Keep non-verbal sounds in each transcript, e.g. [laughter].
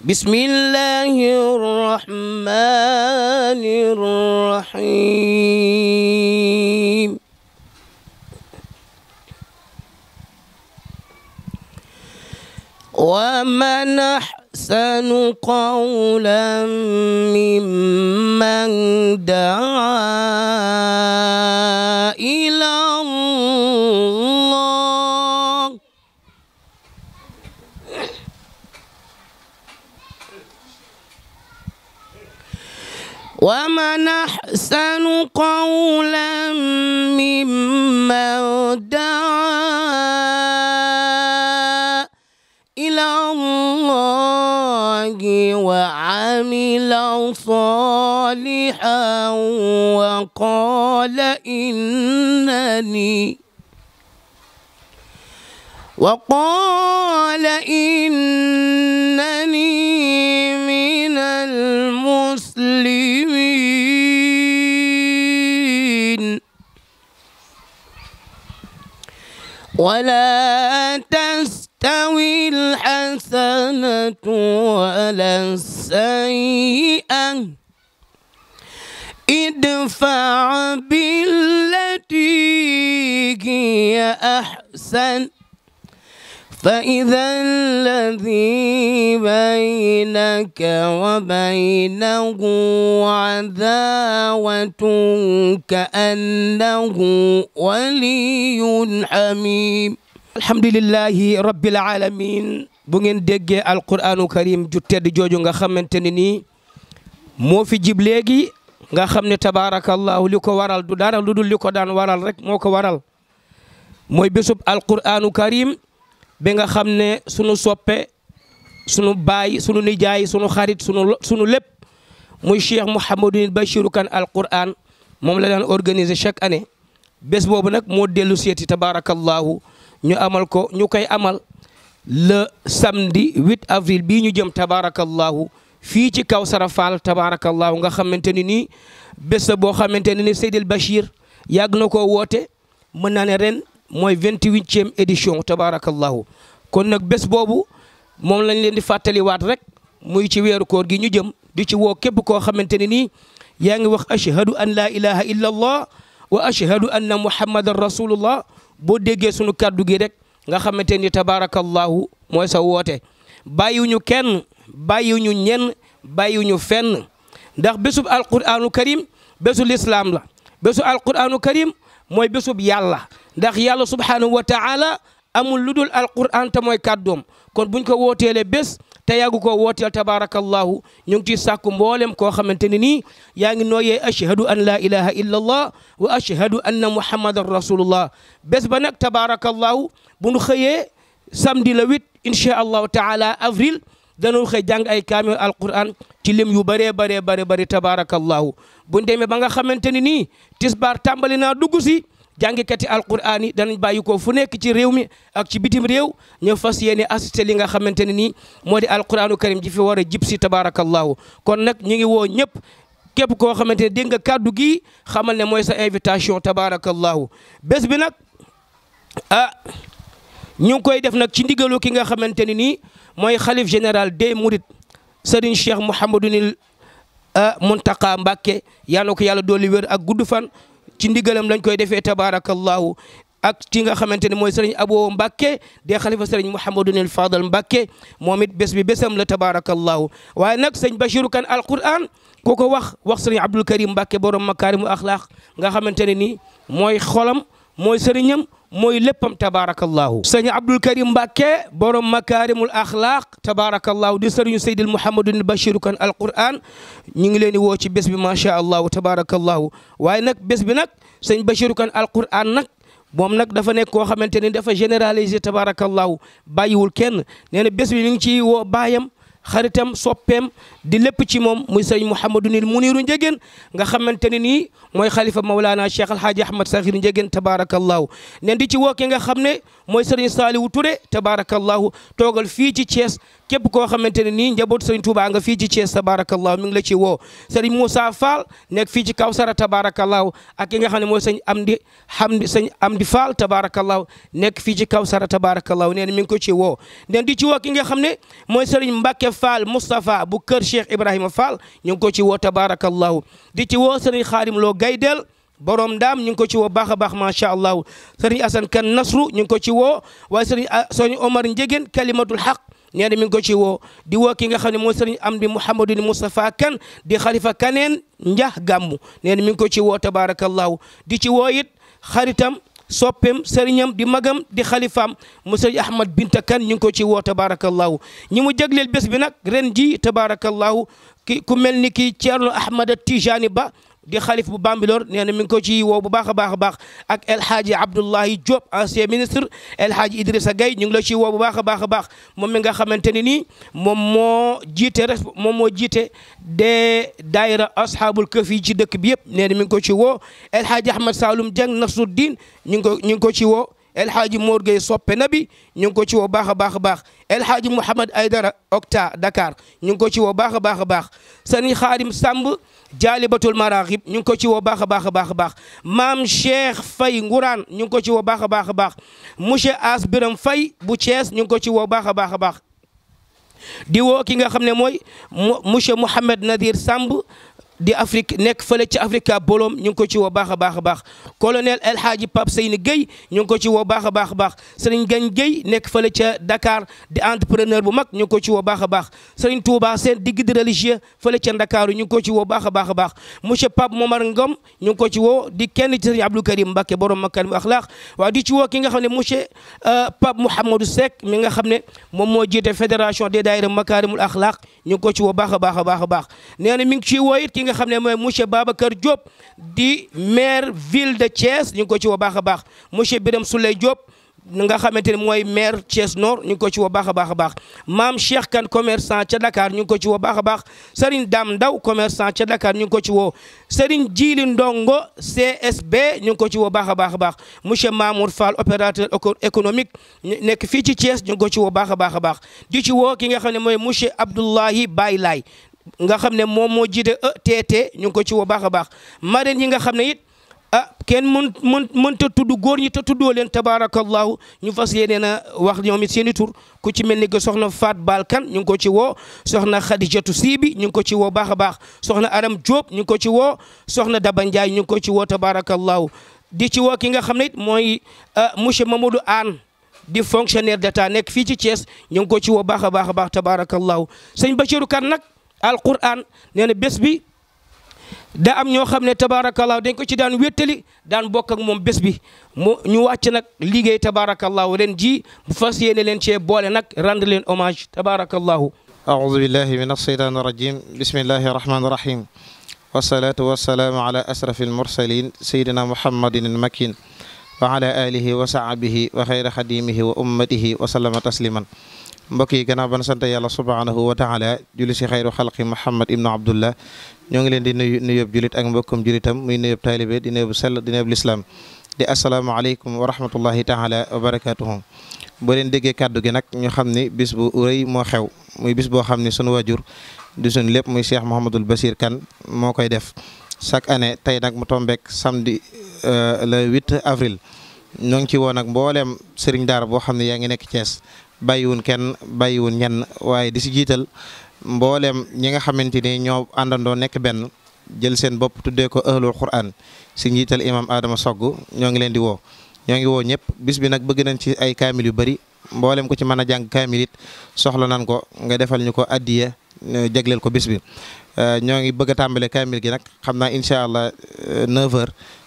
بسم الله الرحمن الرحيم ومن أحسن قولا ممن دعا إلى الله ومن أحسن قولا ممن دعا وعمل صالحا وقال إنني وقال إنني من المسلمين ولا تس تستوي الحسنة ولا السيئة ادفع بالتي هي أحسن فإذا الذي بينك وبينه عداوة كأنه ولي حميم alhamdulilahi rabbil alamin bu ngeen déggee alquranu karim ju tedd jooju nga xamante ne nii moo fi jib léegi nga xam ne tabaarakallahu li ko waral du dara lu dul li ko daan waral rek moo ko waral mooy bésub alquranu karim bi nga xam ne sunu soppe sunu baay sunu nijaay sunu xarit sunu sunu lépp muy cheikh Mouhamadul Bachiru Kan alquran moom la daan organiser chaque année bés boobu nag moo dellu seeti tabaarakallahu ñu amal ko ñu koy amal le samedi 8 avril bii ñu jëm tabaarakallahu fii ci Kawsara Fall tabaarakallahu nga xamante ni nii bés la boo xamante ne ni Seydil Bachir yàgg na koo woote mën naa ne ren mooy 28e édition tabaarakallahu kon nag bés boobu moom lañ leen di fàttaliwaat rek muy ci weeru koor gi ñu jëm di ci woo képp koo xamante ne nii yaa ngi wax ashhadu an laa ilaha illa allah wa ashhadu anna muhammadan rasulullah boo déggee sunu kàddu gi rek nga xamante ni tabaarakallahu mooy sa woote bàyyiwuñu kenn bàyyiwuñu ñenn bàyyiwuñu fenn ndax bésub alquranu karim bésu lislaam la bésu alquranu karim mooy bésub yàlla ndax yàlla subhanahu wa taala amul lu dul alquran te mooy kàddoom kon buñ ko wootee wooteele bés te yàggu koo wooteel tabarakallahu ñu ngi ciy sàkku mboolem koo xamante ne nii yaa ngi nooyee ashhadu an la ilaha illa allah wa ashhadu anna muhammadan rasulullah bés ba nag tabarakallahu bu nu xëyee samedi le 8 incha allahu taala avril danoo xëy jàng ay kaamil alquran ci yu bëree bëree bëri bëri tabarakallahu bu ñu ba nga xamante ne nii tisbaar tàmbali naa dugg si jàngikati alquran yi danañ bàyyi ko fu nekk ci réew mi ak ci bitim réew ñu fas yéene assisté li nga xamante ne nii moo di alquranu karim ji fi war a jib si tabarakallahu kon nag ñu ngi woo ñëpp képp koo xamante ne dégg nga kàddu gi xamal ne mooy sa invitation tabarakallahu bés bi nag ah ñu ngi koy def nag ci ndigalu ki nga xamante ne nii mooy xalif général des mourides Serigne Cheikh Mouhamadunil ah, Mountakha Mbacké yal na ko yàlla dolli wér ak gudd fan ci ndigalam lañ koy defee tabarakallahu ak ci nga xamante ne mooy sëriñ Abo Mbacke de xalifa sëriñ Mouhamadou Nil Fadal Mbacke moom it bés bi bésam la tabarakallahu waaye nag sëñ Bachirou Kane alquran ku ko wax wax sëriñ Abdul Karim Mbacke borom makaarimu axlaaq nga xamante ne nii mooy xolam. mooy sëriñam mooy léppam tabarakallahu sëñ abdul karim mbàkke borom makaarimul axlaaq tabarakallahu di sëriñu seydil mouhamadun bachiru kan alquran ñu ngi leen di woo ci bés bi macha allahu tabarakallahu waaye nag bés bi nag sëñ bachiru kan alquran nag moom nag dafa nekk koo xamante ni dafa généraliser tabarakallahu bàyyiwul kenn nee na bés bi mi ngi ci woo baayam xaritam soppeem di lépp ci moom muy sëñ Mouhamadou Nil Muniru Njegéen nga xamante ne nii mooy xalifa Maulana Cheikh Alhaaji Ahmad Sakhir Njegéen tabarakallahu nen di ci woo nga xam ne mooy sëriñ Saaliwu Ture tabarakallahu toogal fii ci Thiès képp koo xamante ne nii njaboot sëñ Touba nga fii ci Thiès tabarakallahu mi ngi la ci woo sëriñ Moussa Fall nekk fii ci Kawsara tabarakallahu ak ki nga xam ne mooy sëñ Amdi Hamdi sëñ Amdi Fall tabarakallahu nekk fii ci Kawsara tabarakallahu nee na mi ngi ko ci woo den di ci woo ki nga xam ne mooy sëriñ Mbacke Fall Moustapha bu kër Cheikh Ibrahima Fall ñu ngi ko ci woo tabarakallahu di ci woo sëriñ Xaadim Lo Gaydel borom ndaam ñu ngi ko ci woo baax a baax macha allah sëriñ Assane Kan Nasru ñu ngi ko ci woo waaye sëriñ ah, sëriñ Omar Njegen kalimatul haq nee na mi ngi ko ci woo di woo ki nga xam ne mooy sëriñ am bi Mouhamadul Moustapha kan di xalifa kaneen njax gàmmu nee na mi ngi ko ci woo tabarakallahu di ci woo it xaritam soppem sëriñam di magam di xalifaam mu sëriñ Ahmad Binta Kane ñu ngi ko ci woo tabarakallahu ñi mu jagleel bés bi nag ren ji tabarakallahu ki ku mel ni ki Ceerno Ahmada Tijaani Ba di xalif bu Bambilor nee na mi ngi ko ci woo bu baax a baax a baax ak El Hadji Abdoulaye Diop ancien ministre El Hadji Idrissa Gueye ñu ngi la ci woo bu baax a baax a baax moom mi nga xamante ni nii moom moo jiite res moom moo jiite de daayira ashaabul këf ci dëkk bi yëpp nee na mi ngi ko ci woo El Hadji Ahmed Saloum Dieng Nasruddin ñu ngi ko ñu ngi ko ci woo El Hadj Mor Gueye soppe na bi ñu ngi ko ci woo baax a baax a baax El Hadj Mouhamed Aydara Octa Dakar ñu ngi ko ci woo baax a baax a baax sëriñ Xaadim Samb jaalibatul maraaxib ñu ngi ko ci woo baax a baax a baax a baax maam Cheikh fay Ngourane ñu ngi ko ci woo baax a baax a baax monsieur As Biram Faye bu Thiès ñu ngi ko ci woo baax a baax a baax di woo ki nga xam ne mooy monsieur Mouhamed Nadir Samb di Afrique nekk fële ci Africa bolom ñu ngi ko ci woo baax a baax a baax ko ci woo a baax a baax Serigne Gagne Guèye nekk fële ca Dakar di entrepreneur bu mag ñu ngi ko ci woo baax a baax Serigne Touba seen di guide religieux fële ca Ndakaaru ñu ngi ko ci woo baax a baax a baax monsieur Pape Momar Ngom ñu ngi ko ci woo di kenn ci Serigne Abdou Karim Mbacké borom makarim akhlaq waaw di ci woo ki nga xam ne monsieur Pape Mouhamadou Seck mi nga xam ne moom moo jiite fédération des daayira makarimul akhlaq ñu ngi ko ci woo baax a baax a baax a baax nga xam ne mooy monsieur Babacar Diop di maire ville de Thiès ñu ngi ko ci woo baax a baax monsieur Birame Souley Diop nga xamante ne mooy maire Thiès Nord ñu ngi ko ci woo baax a baax a baax maam Cheikh kan commerçant ca Dakar ñu ngi ko ci woo baax a baax Serigne Dame Ndaw commerçant ca Dakar ñu ngi ko ci woo Serigne Djili Ndongo CSB ñu ngi ko ci woo baax a baax a baax monsieur Mamour Fall opérateur économique nekk fii ci Thiès ñu ngi ko ci woo baax a baax a baax di ci woo ki nga xam ne mooy monsieur Abdoulahi Baylaay nga xam ne moom moo jiite ETT ñu ngi ko ci woo baax a baax marraines yi nga xam ne it ah kenn mën mën mënta tudd góor ñi te tuddoo leen tabaarakallahu ñu fas yéeneen na wax ñoom mi seen i tur ku ci mel ni que soxna Fat Balkan ñu ngi ko ci woo soxna Khadijatu Siibi ñu ngi ko ci woo baax a baax soxna Aram Diop ñu ngi ko ci woo soxna Daba Ndiaye ñu ngi ko ci woo tabaarakallahu di ci woo ki nga xam ne it mooy ah, monsieur Mamadou Anne di fonctionnaire d'état nekk fii ci Thiès ñu ngi ko ci wo baax a baax a baax tabaarakallahu sëñ Bachirou Kane nag. alquran nee na bés bi da am ñoo xam ne tabaarakallaahu dañ ko ci daan wéttali daan bokk ak moom bés bi mu ñu wàcc nag liggéey tabaarakallaahu leen ji bu fas yéene leen cee boole nag rendre leen hommage tabaarakallaahu aoudu billahi min alsheytaan irajim bismillahi irrahmani irrahim wasalaatu wasalaamu ala asrafi almursalin sayidina muhammadin almakin wa ala alihi wa sahbihi wa xayra xadimihi mbokk yi gannaaw ban sant yàlla subhaanahu wa taala julli si xayru xalqi muhammad ibnu abdullah ñoo ngi leen di nuyu nuyób julit ak mbokkum julitam muy nuyób taalibe di nuyób sell di nuyób lislaam di asalaamaaleykum wa rahmatullahi taala wa barakatuhu boo leen déggee kàddu gi nag ñu xam ni bis bu rëy moo xew muy bis boo xam ni sunu wajur di sunu lépp muy cheikh Mouhamadul Bachir kan moo koy def chaque année tey nag mu tombeek samedi euh, le 8 avril ñoo ngi ci woon ak mbooleem sëriñ daara boo xam ne yaa ngi nekk Thiès bàyyiwun kenn bàyyiwun ñenn waaye di si jiital mbooleem ñi nga xamante ni ñoo àndandoo nekk benn jël seen bopp tuddee ko ahlul quran si njiital imam Adama Sogg ñoo ngi leen di woo ñoo ngi woo ñëpp bis bi nag bëgg nañ ci ay kaamil yu bari mbooleem ku ci mën a jàng kaamil it soxla nan ko nga defal ñu ko addiya Euh, jagleel ko bis bi euh, ñoo ngi bëgg a tàmbale kaamil gi nag xam naa incha allah 9h euh,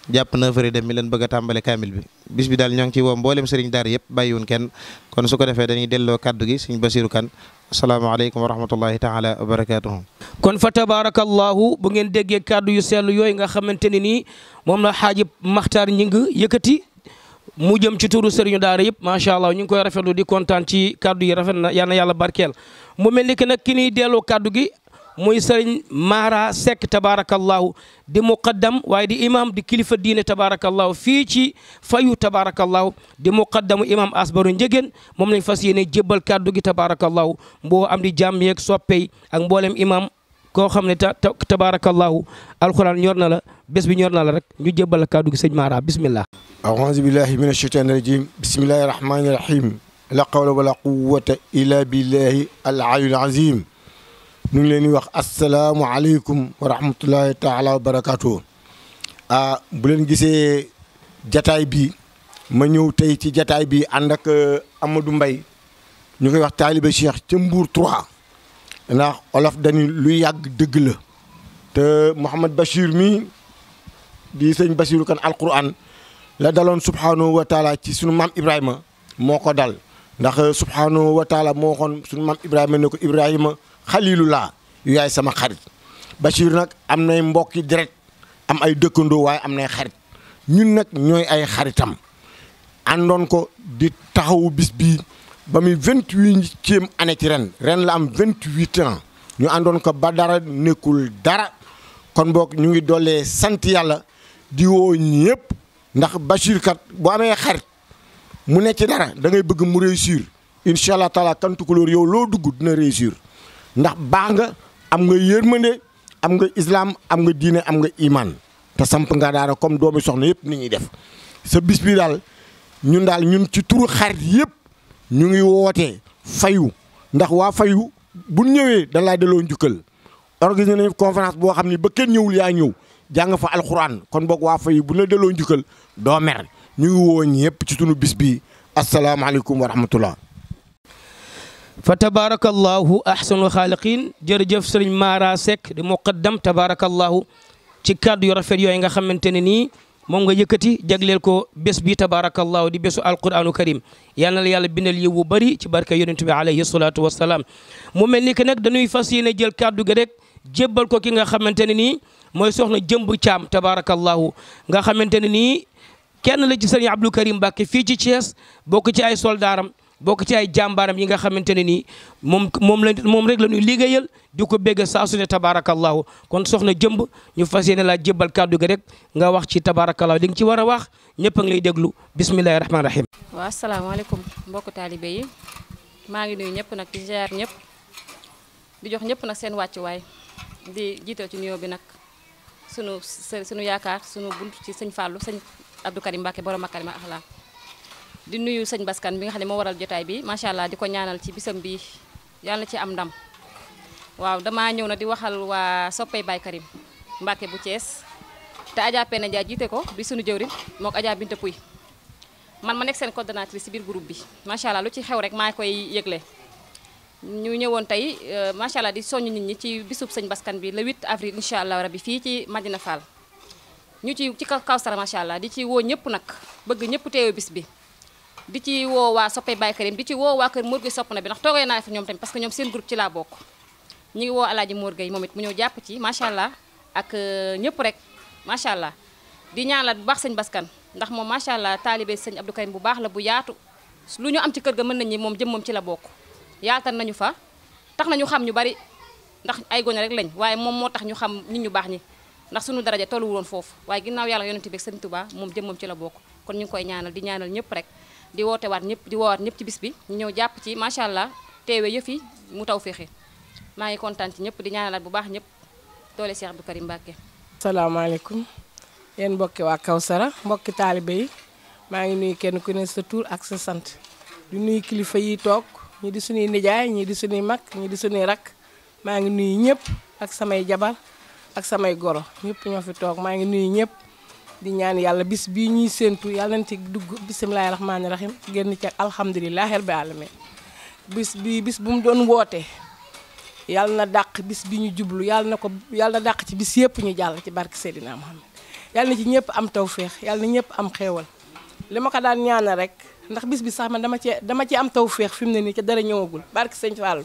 jàpp yi dem leen bëgg a tàmbale kaamil bi bis bi daal ñoo ngi ciy woo mboolem sëriñ daara yëpp bàyyiwun kenn kon su ko defee dañuy delloo kàddu gi suñ basiru kan asalaamaaleykum wa rahmatullahi taala wa barakaatuhu kon fa tabarakallahu bu ngeen déggee kàddu yu seetlu yooyu nga xamante ne nii moom la xaaji maxtaar ñi ngi mu jëm ci turu sëriñu daar yëpp macha allah ñu ngi koy rafetlu di kontaan ci kaddu yi rafet na yal yàlla barkeel mu mel ni que nag ki ñuy delloo kaddu gi muy sëriñ Mara Seck tabaarakallahu di muqaddam waaye di imam di kilifa diine tabaarakallahu fii ci fayu tabaarakallahu di muqaddamu imam asbaru njëgeen moom lañ fas yéene jébbal kaddu gi tabaarakallahu mboo am di jàmm yeeg soppey ak mboolem imam koo xam ne ta tabaarakallaahu alxuraan ñor na la bés bi ñor na la rek ñu jébbal la kàddu gi sëñ Mara bismillah aouzu billahi min asheytaani rajim bismillahi rahmaani rahim la qawla quwata illa billahi al aliyul ñu ngi leen di wax asalaamualeykum wa gisee jataay bi ma ñëw tey ci jataay bi ànd ak Amadou Mbaye ñu koy wax taaliba Cheikh ca Mbour 3 ndax olof dañu lu yàgg dëgg la te Mouhamad Bachir mi di sëñ Bachiru kan alquran la daloon subhaanahu wa ci sunu maam Ibrahima moo ko dal ndax subhaanahu wa taala moo waxoon sunu maam Ibrahima ne ko Ibrahima xalilulaa yu yaay sama xarit Bachir nag am nay mbokki deret am ay dëkkandoo waaye am nay xarit ñun nag ñooy ay xaritam àndoon ko di taxawu bis bii ba muy vingt-huitième année ci ren ren la am vingt-huit ans ñu àndoon ko ba dara nekkul dara kon book ñu ngi doolee sant yàlla di woo ñëpp ndax Bachir kat bu amee xarit mu ne ci dara da bëgg mu réussir incha allah taala Kan Tukulóor yow loo dugg dina réussir ndax baa nga am nga yërmande am nga islam am nga diine am nga iman te samp nga daara comme doomi soxna yëpp ni ngi def sa bis bi daal ñun daal ñun ci turu xarit yëpp. ñu ngi woote fayu ndax waa fayu bu ñëwee dañ laa delloo njukkal organisé nañu conférence boo xam ne ba kenn ñëwul yaa ñëw jàng fa alxuraan kon boog waa fayu bu la delloo njukkal doo ñu ngi woo ñëpp ci sunu bis bi asalaamaaleykum wa rahmatullah fa tabarakallahu ahsanul xaaliqin jërëjëf sëriñ Mara Seck di muqaddam tabarakallahu ci kàddu yu rafet yooyu nga xamante ne nii moom nga yëkkati jagleel ko bés bi tabaarakallaahu di bésu alquraanu karim yal na la yàlla bindal yiw bu bëri ci barke yonent bi alayhi salaatu wassalaam mu mel ni que nag dañuy fas yéene jël kàddu gi rek jébbal ko ki nga xamante ne nii mooy soxna jëmb caam tabaarakallaahu nga xamante ne nii kenn la ci sëriñ Abdou Karim Mbàkke fii ci Thiès bokk ci ay soldaaram bokk ci ay jàmbaaram yi nga xamante ne nii moom moom lañ moom rek la ñuy liggéeyal di ko bégg saa su ne tabaarakallahu kon soxna jëmb ñu fas yéene laa jëmbal kàddu gi rek nga wax ci tabaarakallahu li nga ci war a wax ñëpp a ngi lay déglu bismillahi rahmaani rahim. waaw asalaamaaleykum mbokku taalibe yi maa ngi nuyu ñëpp nag di ziar ñëpp di jox ñëpp nag seen wàccuwaay di jiital ci nuyoo bi nag sunu sunu yaakaar sunu bunt ci sëñ Fallou sëñ Abdou Karim Mbacke borom Makarima Akhlaq di nuyu sëñ Baskan bi nga xam ne moo waral jotaay bi macha allah di ko ñaanal ci bisam bi yàlla ci am ndam waaw dama ñëw na di waxal waa soppey Baye Karim Mbacke bu cees te Adja Penda Ndiaye jiite ko di sunu jëwriñ moo ko Adja Binta man ma nekk seen coordonnatrice ci biir groupe bi macha ci xew rek maa koy yëgle ñu ñëwoon tey euh, macha allah di nit ñi ci bisub sëñ Baskan bi le 8 avril incha allah rabi fii ci Madina Fall ñu ci ci kaw Kawsara macha allah di ci woo ñëpp nag bëgg ñëpp teewe bis bi. di ci woowaa waa soppe Baye Karim di ci woo waa kër Mor Gueye sopp na bi ndax toogee naa fi ñoom tamit parce que ñoom seen groupe ci laa bokk ñu ngi woo alaaji Mor Gueye moom it mu ñëw jàpp ci macha allah ak euh, ñëpp rek macha allah di ñaanal bu baax sëñ Baskan ndax moom macha allah taalibe sëñ Abdou Karim bu baax la bu yaatu lu ñu am ci kër ga mën nañu moom jëm moom ci la bokk yaatal nañu fa tax nañu xam ñu bari ndax ay gone rek lañ waaye moom moo tax ñu xam nit ñu baax ñi ndax suñu daraja tollu woon foofu waaye ginnaaw yàlla yonente bi sëñ Touba moom jëm moom ci la bokk kon ñu koy ñaanal di ñaanal ñëpp rek di wootewaat ñëpp di woowaat ñëpp ci bis bi ñu ñëw jàpp ci macha allah teewe yëf mu taw féexe maa ngi kontaan ci ñëpp di ñaanalaat bu baax ñëpp doole Cheikh Abdou Karim Mbacké. salaamaaleykum yéen mbokki waa sara mbokki taalibe yi maa ngi nuyu kenn ku ne sa tur ak sa sant di nuyu kilifa yi toog ñi di suñuy nijaay ñii di suñuy mag ñi di suñuy rakk maa ngi nuyu ñëpp ak samay jabar ak samay goro ñëpp ñoo fi toog maa ngi nuyu ñëpp. di ñaan yàlla bis bii ñuy séentu yàlla nañ ci dugg bisimilahi rahmaani rahim génn ci alhamdulilahi rabbi alamin bis bi bis bu mu doon woote yàlla na dàq bis bi ñu jublu yàlla na ko yàlla na dàq ci bis yëpp ñu jàll ci barke Seydina Muhammad yàlla na ci ñëpp am tawféex yàlla na ñëpp am xéewal li ma ko daan ñaana rek ndax bis bi sax man dama cee dama cee am tawféex fi mu ne nii ci dara ñëwagul barke sëñ fàll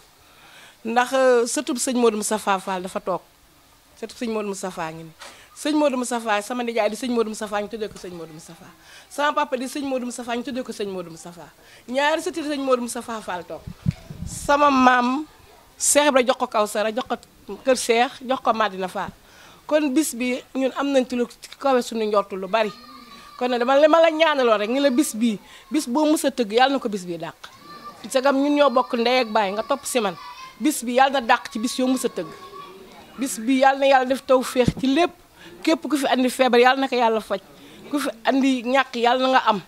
ndax euh, sëtub sëñ Modou Moustapha Fall dafa toog sëtub sëñ Modou Moustapha ngi sëñ Modou Moustapha sama nijaay di sëñ Modou Moustapha ñu tuddee ko sëñ Modou Moustapha sama papa di sëñ Modou Moustapha ñu tuddee ko sëñ Modou Moustapha ñaari sëti sëñ Modou Moustapha Fall toog sama maam Cheikh Ibra jox ko Kawsara jox ko Kër Cheikh jox ko Madina Fall kon bis bi ñun am nañ ci lu kawe suñu njortu lu bari kon nag dama li ma la ñaanaloon rek ni la bis bii bis boo mës a tëgg yàlla na ko bis bii dàq sagam ñun ñoo bokk ndey ak baay nga topp si man bis bi yàlla na dàq ci bis yoo mës a tëgg bis bi yàlla na yàlla def taw féex ci lépp képp ku fi andi feebar yàlla na ko yàlla faj ku fi andi ñàkk yàlla na nga am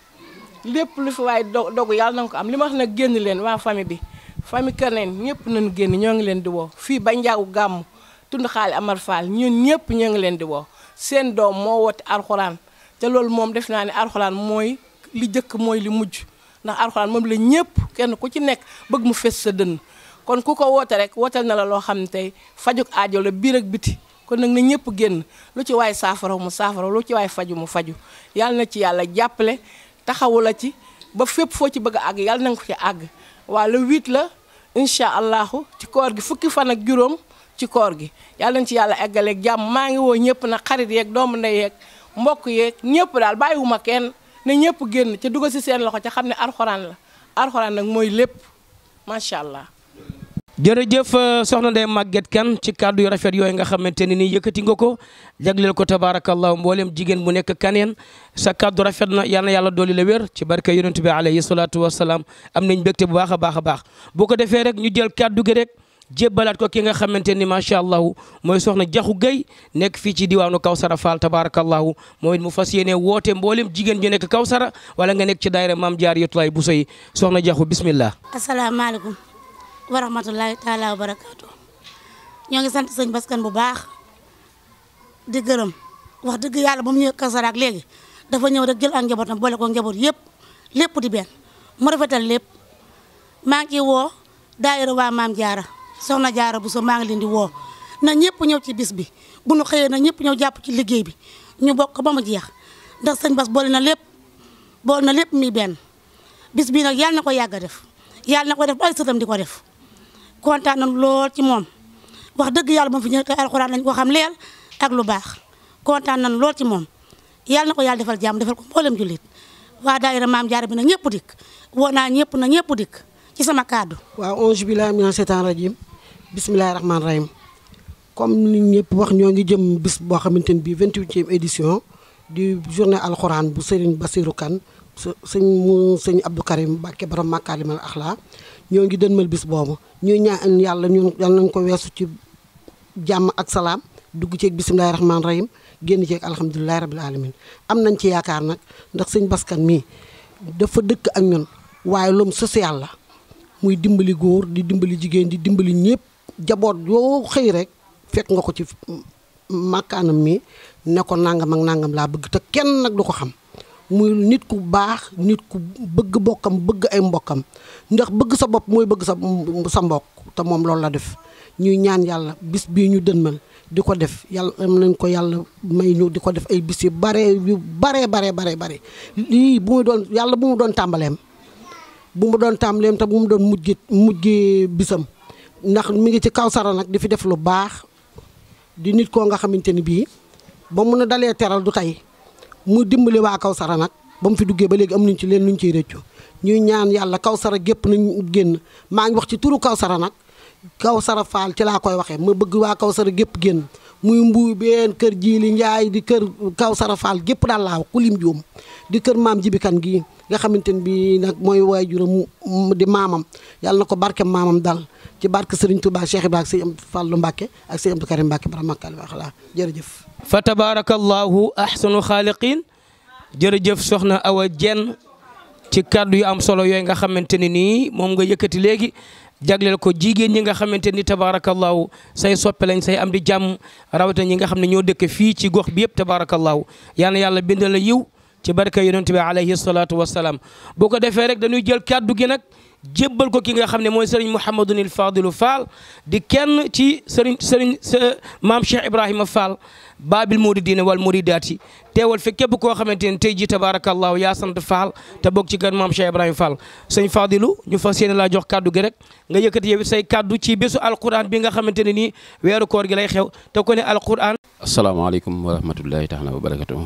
lépp lu fi waaye do dogu yàlla na nga ko am li ma wax nag génn leen waa famille bi famille Kernel ñëpp nañu génn ñoo ngi leen di woo fii ba njaagu gàmm tund xaali Amar Fall ñun ñëpp ñoo ngi leen di woo seen doom moo woote arxuraan te loolu moom def naa ne arxuraan mooy li jëkk mooy li mujj ndax arxuraan moom la ñëpp kenn ku ci nekk bëgg mu fees sa dënn kon ku ko woote rek wooteel na la loo xam ne tey fajuk aajo la biti kon nag na ñëpp génn lu ci waay saafara mu saafara lu ci waay faju mu faju yàlla na ci yàlla jàppale taxawu la ci ba fépp foo ci bëgg a àgg yàlla na nga ko ci àgg waa le huit la incha allahu ci koor gi fukki fan ak juróom ci koor gi yàlla nañ ci yàlla eggaleeg jàmm maa ngi woo ñëpp nag xarit yeeg doomu ndey yeeg mbokk yeeg ñëpp daal bàyyiwuma kenn ne ñëpp génn ci dugal si seen loxo ci xam ne arxuraan la arxuraan nag mooy lépp macha allah. jërëjëf euh, soxna Ndeye Maguette kan ci kàddu yu rafet yooyu nga xamante ne nii yëkkati nga ko jagleel ko tabaarakallaahu mbooleem jigéen bu nekk kaneen sa kaddu rafet na yal yàlla dooli la wér ci barke yonent bi alayhi salaatu wasalaam am nañ mbégte bu baax a a baax boo ko defee rek ñu jël kàddu gi rek ko ki nga xamante ni macha allah mooy soxna Jaxu Gay nekk fii ci diwaanu Kawsara Fall tabarakallahu mooy mu fas yéene woote mbooleem jigéen ñu nekk Kawsara wala nga nekk ci daayira maam Jaaratullaay Buso yi soxna Jaxu bismillah wa rahmatullahi taala wa barakaatu ñoo ngi sant sëñ Baskan bu baax di gërëm wax dëgg yàlla ba mu ñëw kasaraak léegi dafa ñëw rek jël ak njabootam boole ko njaboot yëpp lépp di benn mu lépp maa ngi woo daayira waa maam jaara soxna jaara bu so maa ngi leen di woo na ñëpp ñëw ci bis bi bu nu xëyee nag ñëpp ñëw jàpp ci liggéey bi ñu bokk ba mu jeex ndax sëñ Bas boole na lépp boole na lépp mi benn bis bii nag yàlla na ko yàgg def yàlla na ko def ba ay di ko def kontaan nañ lool ci moom wax dëgg yàlla moom fi ñëw tey alxuraan lañ ko xam leel ak lu baax kontaan nañ lool ci moom yàlla na ko yàlla defal jàmm defal ko mboolem jullit waa daayira maam jaara bi na ñëpp dikk woo naa ñëpp na ñëpp dikk ci sama kàddu waaw onze billahi mina seytaan rajim bismillahi rahmaani rahim comme ni ñëpp wax ñoo ngi jëm bis boo xamante ne bii vingt-huitième édition du journée alxuraan bu Serigne Bassirou Kane su sëñ mu sëñ Abdou Karim Mbàkke borom Makarimal Axlaa ñoo ngi dënmal bis boobu ñuy ñaan yàlla ñun yal nañ ko weesu ci jàmm ak salaam dugg ceeg bisimilahi rahmaani rahim génn ceeg alhamdulilahi rabil alamin am nañ ci yaakaar nag ndax sëñ baskan mii dafa dëkk ak ñun waaye loom social la muy dimbali góor di dimbali jigéen di dimbali ñëpp jaboot yoo xëy rek fekk nga ko ci makkaanam mi ne ko nangam ak nangam laa bëgg te kenn nag du ko xam muy nit ku baax nit ku bëgg bokkam bëgg ay mbokkam ndax bëgg sa bopp mooy bëgg sa mbokk te moom loolu la def ñuy ñaan yàlla bis bii ñu dënmal di ko def yàlla am ko yàlla may di ko def ay bis yu bare yu bare bare bare bare lii bu mu doon yàlla bu mu doon tàmbaleem bu mu doon tàmbaleem te bu mu doon mujj mujj bisam ndax mu ngi ci kaw Kawsara nag di fi def lu baax di nit koo nga xamante ni bii ba mun a dalee teral du tey mu dimbali waa Kawsara nag ba mu fi duggee ba léegi am nuñ ci leen nuñ ciy rëccu ñuy ñaan yàlla Kawsara gépp nañ génn maa ngi wax ci turu Kawsara nag kaw sara faal ci laa koy waxee ma bëgg waa kaw sara gépp génn muy mbuubeen kër jiili njaay di kër kaw sara faal gépp daal laa wax ku lim juum di kër maam jibikan gi nga xamante ne bii nag mooy waajuram di maamam yàlla na ko barke maamam dal ci barke Serigne Touba Cheikh Ibrahima ak Serigne Fallou Mbacke ak Serigne Abdou Karim Mbacke bara makkali wax laa jërëjëf fa tabarakallahu ahsanu xaaliqin jërëjëf soxna Awa Dieng ci kàddu yu am solo yooyu nga xamante ne nii moom nga yëkkati léegi jagleel ko jigéen ñi nga xamante ni tabaarakallaahu say soppe lañ say am di jàmm rawatina ñi nga xam ne ñoo dëkk fii ci gox bi yëpp tabaarakallaahu yal na yàlla bindal la yiw ci barka yonent bi alayhi salaatu wassalaam boo ko defee rek dañuy jël kàddu gi nag jébbal ko ki nga xam ne mooy sëriñ Mouhamadunil Fadilu Fall di kenn ci sëriñ sëriñ maam Cheikh Ibrahima Fall baabil muridiina wal muridaati teewal fi képp koo xamante ne tey jii tabaarakallaahu yaa sant Fall te bokk ci gan maam Cheikh Ibrahima Fall sëñ Fadilu ñu fa yéene laa jox kaddu gi rek nga yëkkati yow say kaddu ci bésu alquran bi nga xamante ne nii weeru koor gi lay xew te ko ne alquran. asalaamaaleykum wa rahmatullaahi taala wa barakatuh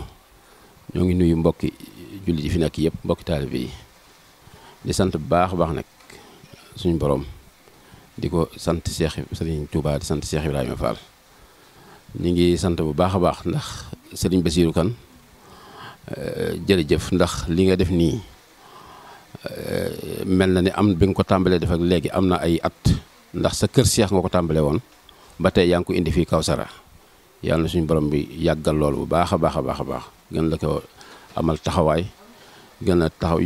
ñoo ngi nuyu mbokki jullit yi fi nag yëpp mbokki taalibe yi di sant bu baax a baax nag suñu boroom di ko sant Cheikh Sëriñ Touba sant Cheikh Ibrahima Fall. ñu ngi sant bu baax a baax ndax sëriñ Basiiru Kan euh, jërëjëf ndax li nga def nii euh, mel na ni am bi nga ko tàmbalee def ak léegi am na ay at ndax sa kër seex nga ko tàmbalee woon ba tey yaa ngi ko indi fii Kawsara yàlla na suñu borom bi yàggal loolu bu baax a baax a baax a baax gën la ko amal taxawaay gën a taxaw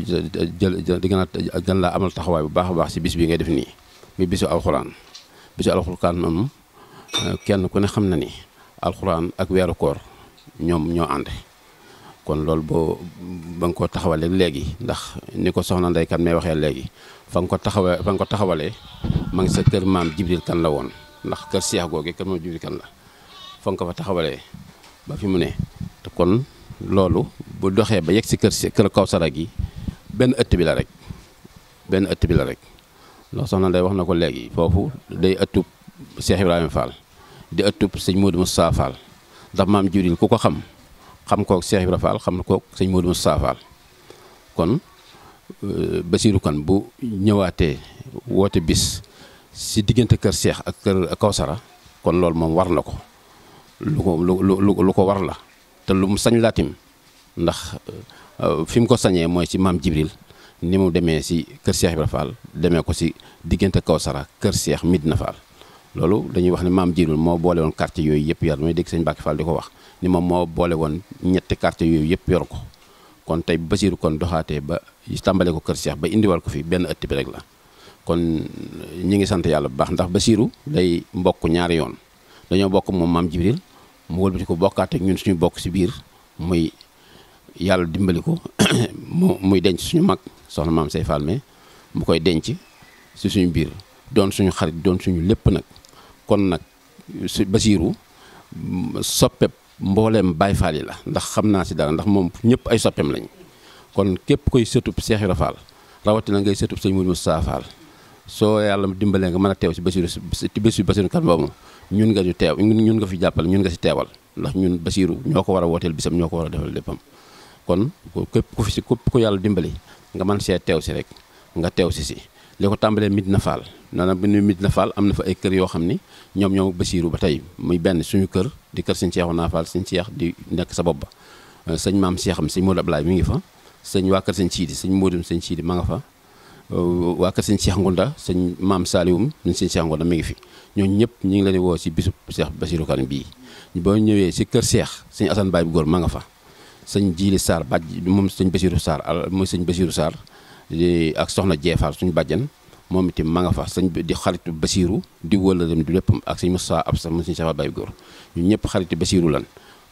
jël gën a gën laa amal taxawaay bu baax a baax si bis bi ngay def nii muy bisu alxuraan bisu alxuraan moom euh, kenn ku ne xam na ni. alxuraan ak weeru koor ñoom ñoo ànd kon loolu boo ba nga ko taxawalee léegi ndax ni ko soxna Ndeye Kane may waxee léegi fa nga ko taxawalee fa nga ko taxawalee ma ngi sa kër maam Jibril Kane la woon ndax kër Seex googu kër maam Jibril la fa ko fa taxawalee ba fi mu ne te kon loolu bu doxee ba yegg si kër si kër Kawsara gi benn ëtt bi la rek benn ëtt bi la rek ndax soxna Ndeye wax na ko léegi foofu day ëttub Seex Ibrahima Fall. di ëttub sëñ moo Moustapha Fall ndax maam Jibril ku ko xam xam kook Cheikh Ibra Fall xam kook sëñ Modou Moustapha Fall kon euh, Basirou Kane bu ñëwaatee woote bis si diggante kër seex ak kër Kawsara kon loolu moom war na ko lu ko lu lu ko war la te lu mu sañ laatim ndax euh, fi mu ko sañee mooy ci maam Jibril ni mu demee si kër Cheikh Ibra Fall demee ko si diggante Kawsara kër seex Midina Fall loolu dañuy wax ne maam Jiirul moo boole woon quartier yooyu yëpp yor may dégg sëñ Mbàkke Fall di ko wax ni moom moo boole woon ñetti quartier yooyu yëpp yor ko kon tey Basiiru kon doxaatee ba tàmbale ko kër Seex ba indiwal ko fi benn ëtt bi rek la kon ñi ngi sant yàlla bu baax ndax Basiiru day mbokk ñaari yoon dañoo bokk moom maam Jibril mu wëlbati ko bokkaat ñun suñu bokk si biir muy yàlla dimbali ko [coughs] mu muy denc suñu mag soxna maam Sey Fall mu koy denc si suñu biir doon suñu xarit doon suñu lépp nag kon nag si Basiiru soppeb mbooleem Baay Faal yi la ndax xam naa si dara ndax moom ñëpp ay soppeem lañ kon képp koy sëtub Seex Ibra Faal rawatina ngay sëtub sëñ Moodu Mustafaa Faal soo yàlla dimbalee nga mën teew si Basiiru si bésu Basiiru kan boobu ñun nga ñu teew ñun nga fi jàppale ñun nga si teewal ndax ñun Basiiru ñoo ko war a wooteel bisam ñoo ko a defal léppam kon képp ku fi si képp ku yàlla dimbali nga man see teew si rek nga teew si si li ko tàmbalee Medina Fall maanaam bu ñu Medina Fall am na fa ay kër yoo xam ni ñoom ñoom Basiiru ba tey muy benn suñu kër di kër sëñ Cheikhouna Fall sëñ Cheikh di nekk sa bopp ba euh, sëñ maam Cheikham sëñ Modou Ablaye mi ngi fa sëñ waa kër sëñ Siidi sëñ Modou sëñ Siidi nga fa euh, waa kër sëñ Cheikh Ngunda sëñ maam Saliwum ñun sëñ Cheikh Ngunda mi ngi fi ñooñu ñëpp ñu ngi leen di woo si bisub Cheikh Basiiru Kan bii boo ñëwee si kër seex sëñ Assane Baye bu góor ma nga fa sëñ Jiili Sarr baj moom sëñ Basiiru Sarr mooy sëñ Basiiru Sarr di ak soxna jeefaal suñu bàjjan moom itam ma nga fa sëñ di xaritu basiiru di wëlalam du léppam ak sëñ Moussa ab sa mu sëñ safa bay góor ñëpp xaritu basiiru lan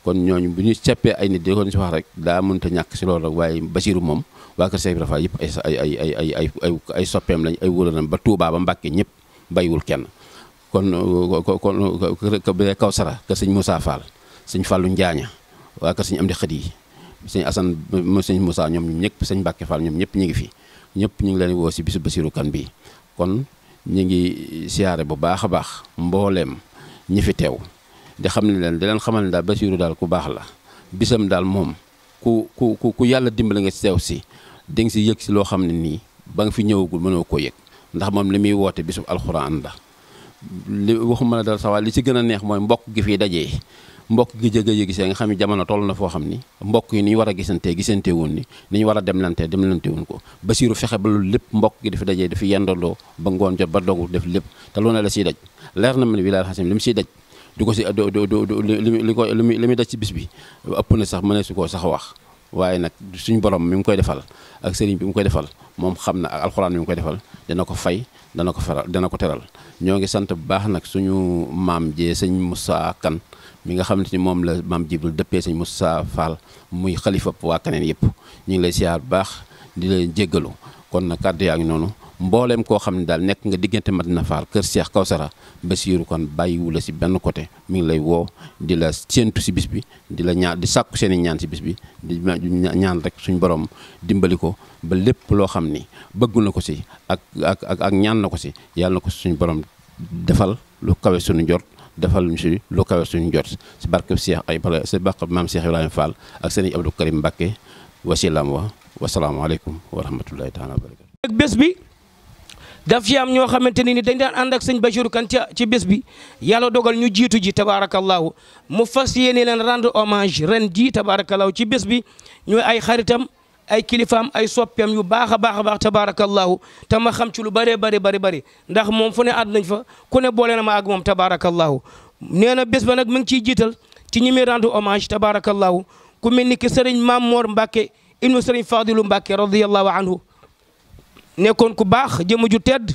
kon ñooñu bu ñu seppee ay nit ko si wax rek daa mënta ñàkk si loolu waaye basiiru moom waa kër Cheikh Ibra Fall yëpp ay ay ay ay ay ay lañ ay wëlalam ba Touba ba ñëpp bayiwul kenn kon kon kaw sara kër sëñ Moussa Fall sëñ Fallou Njaaña waa kër sëñ Amdi Xadi sëñ Asan sëñ Moussa ñoom ñëpp sëñ Mbàkke Fall ñoom ñëpp ñu ngi fi ñëpp ñu ngi leen woo si bisu Bassirou kan bi kon ñu ngi siyaare bu baax a baax mbooleem ñi fi teew di xam ne leen di leen xamal ne daal Bassirou daal ku baax la bisam daal moom ku ku ku yàlla dimbali nga si teew si di si yëg si loo xam ne nii ba nga fi ñëwagul mënoo ko yëg ndax moom li muy woote bisu alxuraan la li waxuma la dara sa waa li si gën a neex mooy mbokk gi fi dajee mbokk gi jëgg a gisee nga xam ne jamono toll na foo xam ni mbokk yi ni war a gisantee gisante woon ni ni ñu war a demlantee demlante woon ko basiiru fexe ba loolu lépp mbokk gi dafa dajee dafa yendandoo ba ngoon jot ba dogu def lépp te lu ne la siy daj leer na ma ne wilaal xasim li mu si daj du ko si li ko li muy daj si bis bi ëpp na sax mëneesu koo sax wax waaye nag suñu borom mi ngi koy defal ak sëriñ bi mu koy defal moom xam na ak alxuraan mi ngi koy defal dana ko fay dana ko feral dana ko teral ñoo ngi sant bu baax nag suñu maam jee sëñ Moussa Kane mi nga xamante ni moom la maam Jibril dëppee sëñ Moussa Fall muy xalifa waa keneen yëpp ñu ngi lay siyaar bu baax di leen jéggalu kon nag kàddu yaa noonu mbooleem koo xam ne daal nekk nga diggante Madina Fall kër Cheikh Kawsara Basiiru kon bàyyiwu si benn côté mi ngi lay woo di la séentu si bis bi di la ñaan di sàkku seen i ñaan si bis bi di ñaan rek suñu borom dimbali ko ba lépp loo xam ni bëgguna ko si ak ak ak ñaan na ko si yàlla na ko suñu borom defal lu kawe suñu njort defal ñu si lu kawe suñu jot si barkeb ay si barkeb maam Cheikh Ibrahima Fall ak sëriñ Abdou Karim Mbacke wasilaam wa wasalaamaaleykum wa rahmatullahi taala wa barakatu ak bés bi daf ci ñoo xamante ni ni dañ daan ànd ak sëñ Bachirou Kane ca ci bés bi yàlla dogal ñu jiitu ji tabaarakallahu mu fas yéene leen rendre hommage ren ji tabaarakallahu ci bés bi ñooy ay xaritam ay kilifaam ay soppeem yu baax a baax a baax tabaarakallahu te ma xam ci lu bëree bëri bëri bëri ndax moom fu ne nañ fa ku ne boole na ma ak moom tabaarakallahu nee na bés ba nag mu ngi ciy jiital ci ñi omage rendre ku mel ni ki sëriñ Maam Moor Mbàkke ibnu sëriñ Fadilu Mbàkke radiyallahu anhu nekkoon ku baax jëmm ju tedd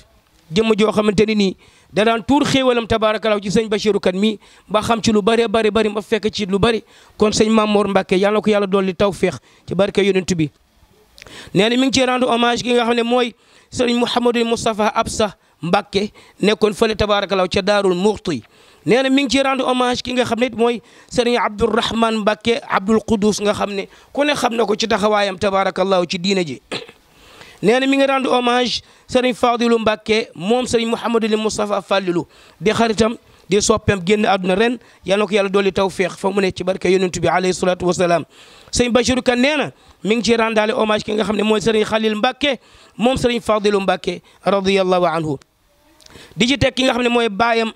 jëmm joo xamante ni nii da daan tuur xéewalam tabaarakalaaw ci sëñ Bachiru Kan mi ba xam ci lu bëree bëri bëri ma fekke ci lu bëri kon sëñ Mamoor mbakke yàlla ko yàlla dolli tawféex ci barke yonent bi nee na mi ngi ciy rendre hommage ki nga xam ne mooy sëriñ Mouhamadul Moustapha Absa Mbàkke nekkoon fële tabaarakalaaw ca Daarul Muxti nee na mi ngi ciy rendre hommage ki nga xam ne mooy sëriñ Abdourahman Mbàkke Abdoul Quddus nga xam ne ku ne xam na ko ci taxawaayam tabaarakalaaw ci diina ji nee na mi ngi rendre hommage sëriñ Fadilu Mbàkke moom sëriñ Mouhamadul Moustapha Fàllilu di xaritam di soppeem génn àdduna ren yal na ko yàlla dolli tawféex fa mu ne ci barke yonent bi alayhi salaatu wasalaam sëriñ Bachiru Kan nee na mi ngi ci rendaale hommage ki nga xam ne mooy sëriñ Xalil Mbàkke moom sëriñ Fadilu Mbàkke radiyallahu anhu di ci teg ki nga xam ne mooy baayam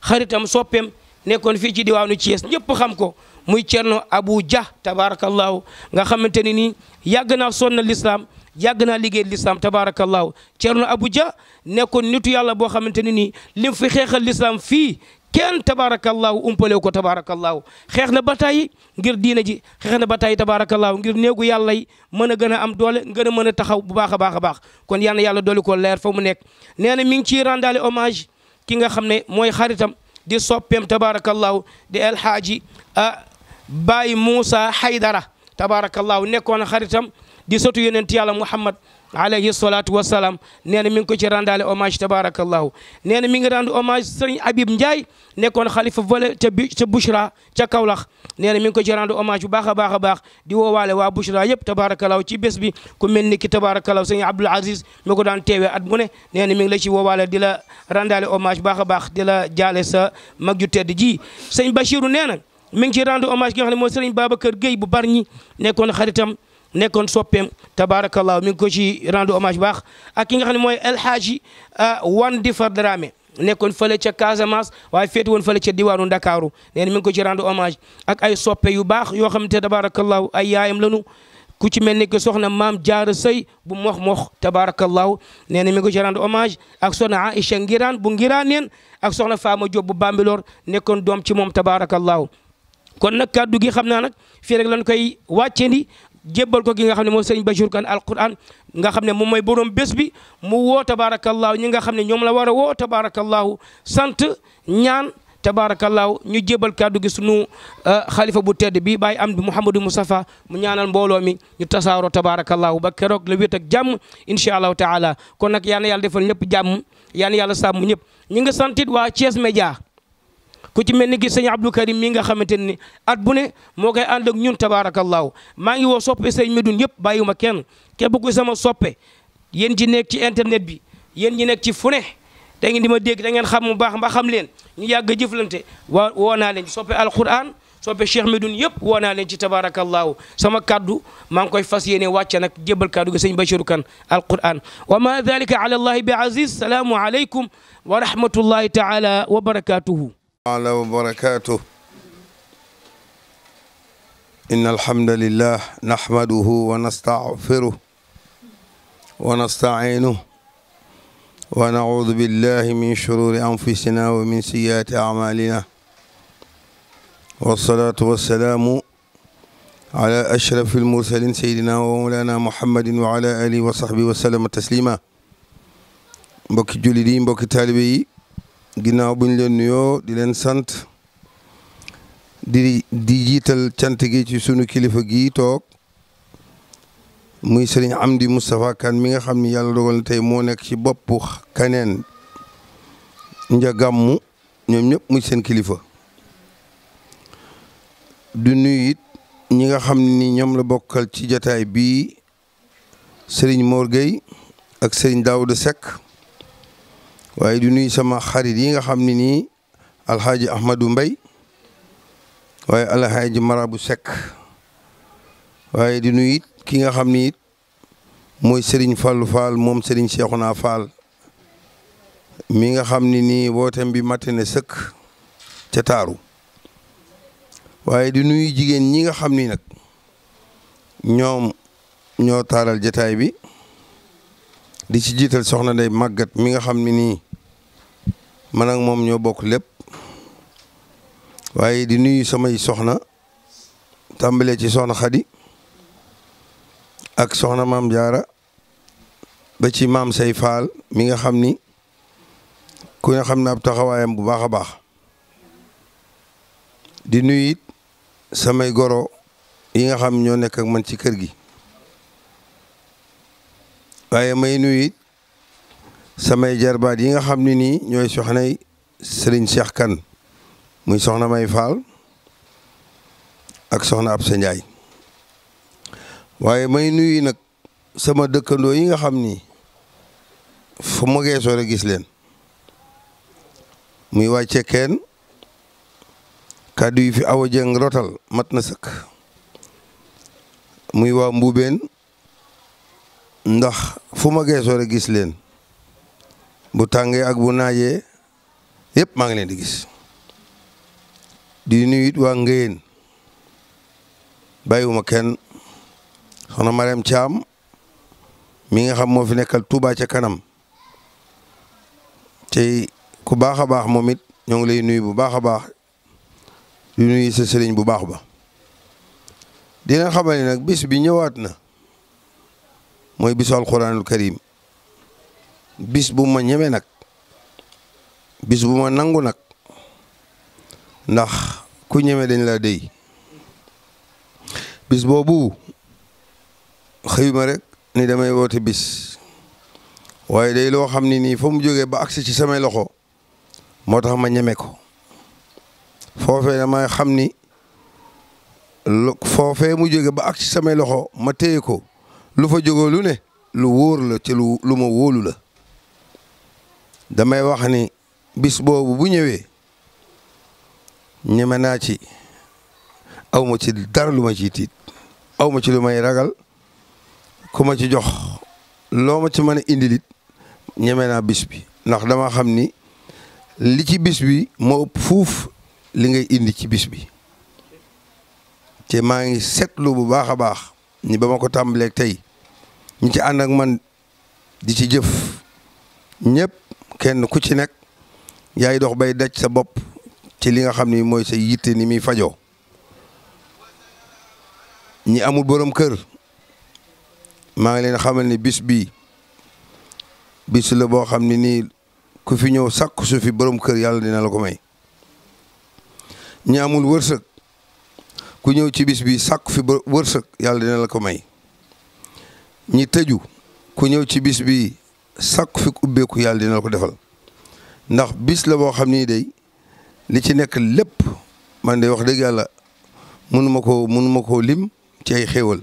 xaritam soppeem nekkoon fii ci diwaanu Thiès ñëpp xam ko muy Cerno Abu Dia tabarakallahu nga xamante ni nii yàgg naa sonnal lislaam yàgg naa liggéey lislaam tabaarakallaahu Ceerno Abuja nekkoon nitu yàlla boo xamante ne nii lim fi xeexal lislaam fii kenn tabaarakallaahu umpalew ko tabaarakallaahu xeex na bataay ngir diina ji xeex na bataay tabaarakallaahu ngir néegu yàlla yi mën a gën a am doole gën a mën a taxaw bu baax a baax a baax kon yal yàlla doole ko leer fa mu nekk nee na mi ngi ciy rendaale hommage ki nga xam ne mooy xaritam di soppeem tabaarakallaahu di El Hadji ah, Baye Moussa Haydara tabaarakallaahu nekkoon xaritam di sotu yonent yàlla Muhammad alayhi salaatu wa salaam nee na mi ngi ko ci rendaale hommage tabarakallahu nee na mi ngi rendu hommage sëriñ Habib Ndiaye nekkoon xalifa vole ca bi ca Bouchra ca Kaolack nee na mi ngi ko ci rendu hommage bu baax a baax a baax di woowaale waa Bouchra yëpp tabarakallahu ci bés bi ku mel ni ki tabarakallahu sëriñ Abdoul Aziz mi ko daan teewee at mu ne nee na mi ngi la ci woowaale di la rendaale hommage baax a baax di la jaale sa mag ju tedd ji sëñ Bachiru nee na mi ngi ci rendu hommage ki nga xam ne mooy sëriñ Babacar Gueye bu Bargny nekkoon xaritam nekkoon soppeem tabaarakallaahu mi ngi ko ci rendu hommage baax ak ki nga xam ne mooy El Hadji euh, wan di far Dramé nekkoon fële ca Casamance waaye féete woon fële ca diwaanu Ndakaaru nee mi ngi ko ci rendu hommage ak ay soppe yu baax yoo xam te tabaarakallaahu ay yaayam lanu ku ci mel ni que soxna maam jaara sëy bu mox mox tabarakallahu nee na mi ko ci rendre hommage ak soxna Aïcha ngiraan bu ngiraan neen ak soxna Faama Diop Bambilor nekkoon doom ci moom tabarakallahu kon nag kàddu gi xam jébbal ko ki nga xam ne mooy sëñ Bachir Kane alquran nga xam ne moom mooy borom bés bi mu woo tabaarakallaahu ñi nga xam ne ñoom la war a woo tabaarakallaahu sant ñaan tabaarakallaahu ñu jébbal kàddu gi sunu euh, xalifa bu tedd bi Baye Amdi Mouhamadou Moustapha mu ñaanal mbooloo mi ñu tasaaroo tabaarakallaahu ba keroog la wét ak jàmm incha allahu taala kon nag yaa yàlla defal ñëpp jàmm yaa na yàlla sàmm ñëpp ñi nga santit waa Thiès Média ku ci mel ni gis sëñ Abdou Karim mii nga xamante ni at bu moo koy ànd ak ñun tabaarakallaahu maa ngi woo soppe sëñ Medoune yëpp bàyyiwuma kenn képp ku sama soppe yéen ci nekk ci internet bi yéen ñi nekk ci fu ne da di ma dégg da ngeen xam mu baax mba xam leen ñu yàgg a jëflante waa woo naa leen soppe alquran soppe Cheikh Medoune yëpp woo naa leen ci tabaarakallaahu sama kaddu maa ngi koy fas yéene wàcce nag jébbal kaddu gi sëñ Bachiru Kan alquran wa ma dalika ala allahi bi aziz salaamu aleykum wa rahmatullahi taala wa barakatuhu تعالى وبركاته إن الحمد لله نحمده ونستغفره ونستعينه ونعوذ بالله من شرور أنفسنا ومن سيئات أعمالنا والصلاة والسلام على أشرف المرسلين سيدنا ومولانا محمد وعلى آله وصحبه وسلم تسليما mbokki jullit yi mbokki taalibe yi ginnaaw bu ñu leen nuyoo di leen sant di di jiital cant gi ci sunu kilifa gi toog muy sëriñ Amdi Moustapha Kane mi nga xam ni yàlla dogal na tey moo nekk ci bopp Kaneen nja gàmmu ñoom ñëpp muy seen kilifa du nuyu it ñi nga xam ni ñoom la bokkal ci jataay bii sëriñ Mor Gueye ak sëriñ Daouda Seck waaye du nuyu sama xarit yi nga xam ne nii alxaaji Ahmadou Mbay waaye alxaaji Marabu Sekk waaye di nuyu ki nga xam ni it mooy Serigne Fallou Fall moom Serigne Cheikhouna Fall mi nga xam ni nii wooteem bi matt na sëkk ca taaru waaye di nuyu jigéen ñi nga xam ni nag ñoom ñoo taaral jataay bi di ci jiital soxna day màggat mi nga xam ne nii man moom ñoo bokk lépp waaye di nuyu samay soxna tàmbalee ci soxna Xadi ak soxna maam jaara ba ci maam say faal mi nga xam ni ku nga xam ne ab taxawaayam bu baax a baax di nuyu samay goro yi nga xam ñoo nekk ak man ci kër gi waaye may nuyu samay jarbaat yi nga xam ne nii ñooy soxnay Serigne Cheikh Kane muy soxna May Fall ak soxna Absa Ndiaye waaye may nuyu nag sama dëkkandoo yi nga xam ni fu ma geesoo rek gis leen muy waa Cekkeen kàddu yi fi awa jëng rotal mat na sëkk muy waa Mbuubeen ndax fu ma geesoo rek gis leen bu tàngee ak bu naajee yëpp maa ngi leen di gis di nuyu it waa Ngéyeen bàyyiwuma kenn soxna Mariam Thiam mi nga xam moo fi nekkal Touba ca kanam tey ku baax a baax moom it ñoo ngi lay nuyu bu baax a baax di nuyu sa bu baax ba dina xamal nag bis bi ñëwaat na mooy bisu alquranul karim bis bu ma ñeme nag bis bu ma nangu nag ndax ku ñeme dañ la déy bis boobu xëyuma rek ni damay woote bis waaye day loo xam ne nii foo mu jógee ba agsi ci samay loxo moo tax ma ñeme ko foofee damay xam ni lu mu jóge ba agsi samay loxo ma téye ko lu fa jógoo lu ne lu wóor la ci lu lu ma wóolu la damay wax ni bis boobu bu ñëwee ñeme naa ci aw ma ci dara lu ma ciy tiit aw ma ci lu may ragal ku ci jox loo ma ci mën a indilit ñeme naa bis bi ndax dama xam ni li ci bis bi moo ëpp fuuf li ngay indi ci bis bi te maa ngi seetlu bu baax a baax ni ba ma ko tàmbaleeg tey ñi ci ànd ak man di ci jëf ñëpp kenn ku ci nekk yaay dox bay daj sa bopp ci li nga xam ni mooy sa yitte ni muy fajoo ñi amul borom kër maa ngi leen xamal ni bis bii bis la boo xam ne nii ku fi ñëw sàkk su fi borom kër yàlla dina la ko may ñi amul wërsëg ku ñëw ci bis bi sàkk fi wërsëg yàlla dina la ko may ñi tëju ku ñëw ci bis bi sàkku fik ubbeeku yàlla dina la ko defal ndax bis la boo xam nii day li ci nekk lépp man de wax dëgg yàlla mënuma koo mënuma koo lim ci ay xéewal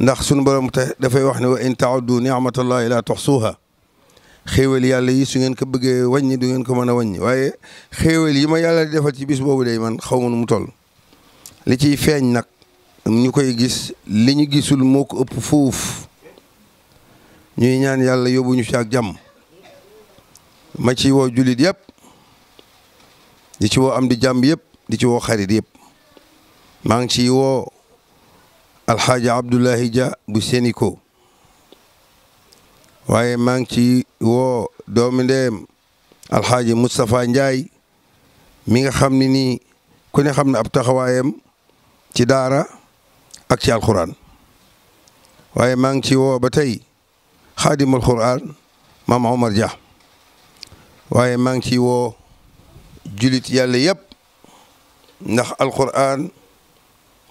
ndax sunu borom te dafay wax ne wa in taaddu ni'matallahi la tuhsuha xéewal yàlla yi su ngeen ko bëggee wàññi du ngeen ko mën a wàññi waaye xéewal yi ma yàlla defal ci bis boobu day man xaw ma nu mu toll li ciy feeñ nag ñu koy gis li ñu gisul moo ëpp fuuf ñuy ñaan yàlla yóbbuñu fi ak jàmm ma ci woo julit yëpp di ci woo am di jàmm yëpp di ci woo xarit yëpp maa ngi ci woo alxaaja Abdoulahi Dia bu Sénico waaye maa ngi ci woo doomi ndeem alxaaji Moustapha njaay mi nga xam ni nii ku ne xam ne ab taxawaayam ci daara ak ci alxuraan waaye maa ci woo ba tey xaadimul quraan maam Omar Dia waaye maa ngi ciy woo julit yàlla yëpp ndax alquraan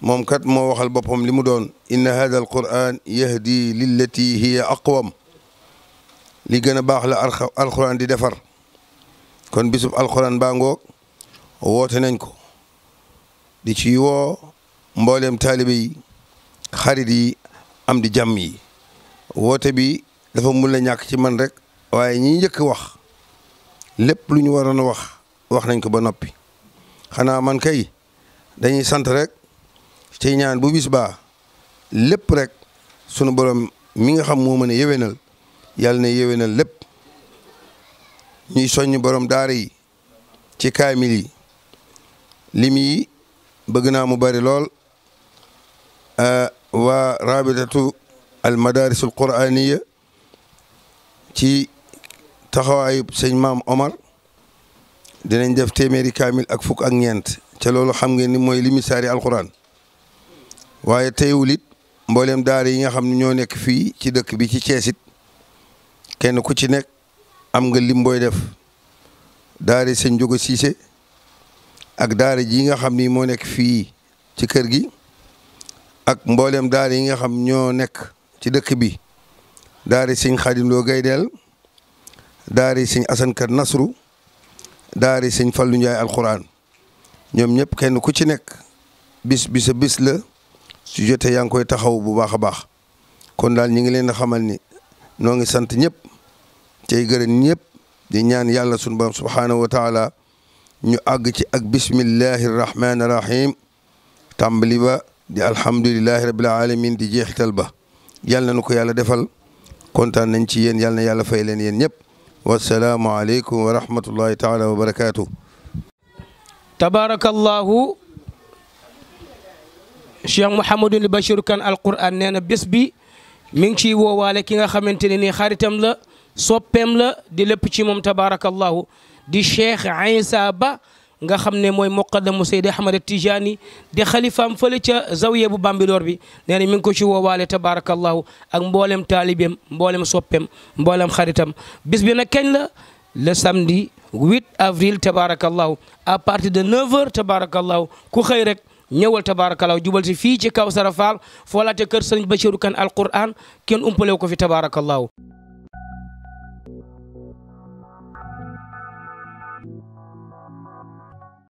moom kat moo waxal boppam li mu doon inna hada alquraan yahdi lillati hiya aqwam li gën a baax la alquraan di defar kon bisub alquraan baa ngoog woote nañ ko di ci woo mbooleem taalibe yi xarit yi am di jàmm yi woote dafa mun la ñàkk ci man rek waaye ñi njëkk wax lépp lu ñu waroon a wax wax nañ ko ba noppi xanaa man kay dañuy sant rek ci ñaan bu bis baa lépp rek sunu borom mi nga xam moo mën a yéwénal yàlla na yéwénal lépp ñuy soññ borom daara yi ci kaamil yi lim yi bëgg naa mu bari lool waa rabitatu al madarisul ci taxawaayu sëñ maam Omar dinañ def téeméeri kaamil ak fukk ak ñeent ca loolu xam ngeen ni mooy li misaari alxuraan waaye teewul it mboolem daara yi nga xam ne ñoo nekk fii ci dëkk bi ci ceesit kenn ku ci nekk am nga lim booy def daara sëñ Njóga Siise ak daara ji nga xam ni moo nekk fii ci kër gi ak mboolem daara yi nga xam ñoo nekk ci dëkk bi daari sëñ Xaadim Lo Gaydel daari sëñ Asan Kan Nasru daari sëñ Fallu Njaay alxuraan ñoom ñëpp kenn ku ci nekk bis bi sa la su yaa ngi koy taxaw bu baax a baax kon daal ñu ngi leen a xamal ni noo ngi sant ñëpp tey gërëm ñëpp di ñaan yàlla sunu borom subhaanahu wa ñu àgg ci ak bismillahi rahmaani rahim tàmbali ba di alhamdulillahi rabbil alamin di jeexital ba yàlla na nu ko yàlla defal kontaan nañ ci yéen yàlla na yàlla fay leen yéen ñëpp wasalaamualeykum wa rahmatullahi taala wa barakaatu. tabarakallahu Cheikh Mouhamadul Bachir Kane kan nee na bés bi mi ngi ciy woowaale ki nga xamante ne ni xaritam la soppeem la di lépp ci moom tabarakallahu di Cheikh Aïssa Ba. nga xam ne mooy moqaddamu Seydi Ahmad Tijani di xalifaam fale ca zawiye bu Bambilor bi nee na mi ngi ko ci woowaale tabarakallahu ak mboolem taalibeem mboolem soppeem mboolem xaritam bis bi nag kañ la le samedi 8 avril tabarakallahu à partir de 9 heures tabarakallahu ku xëy rek ñëwal tabarakallahu jubal si fii ci Kawsara Fall foolaate kër sëriñ Bachirou Kane alquran kenn umpalew ko fi tabarakallahu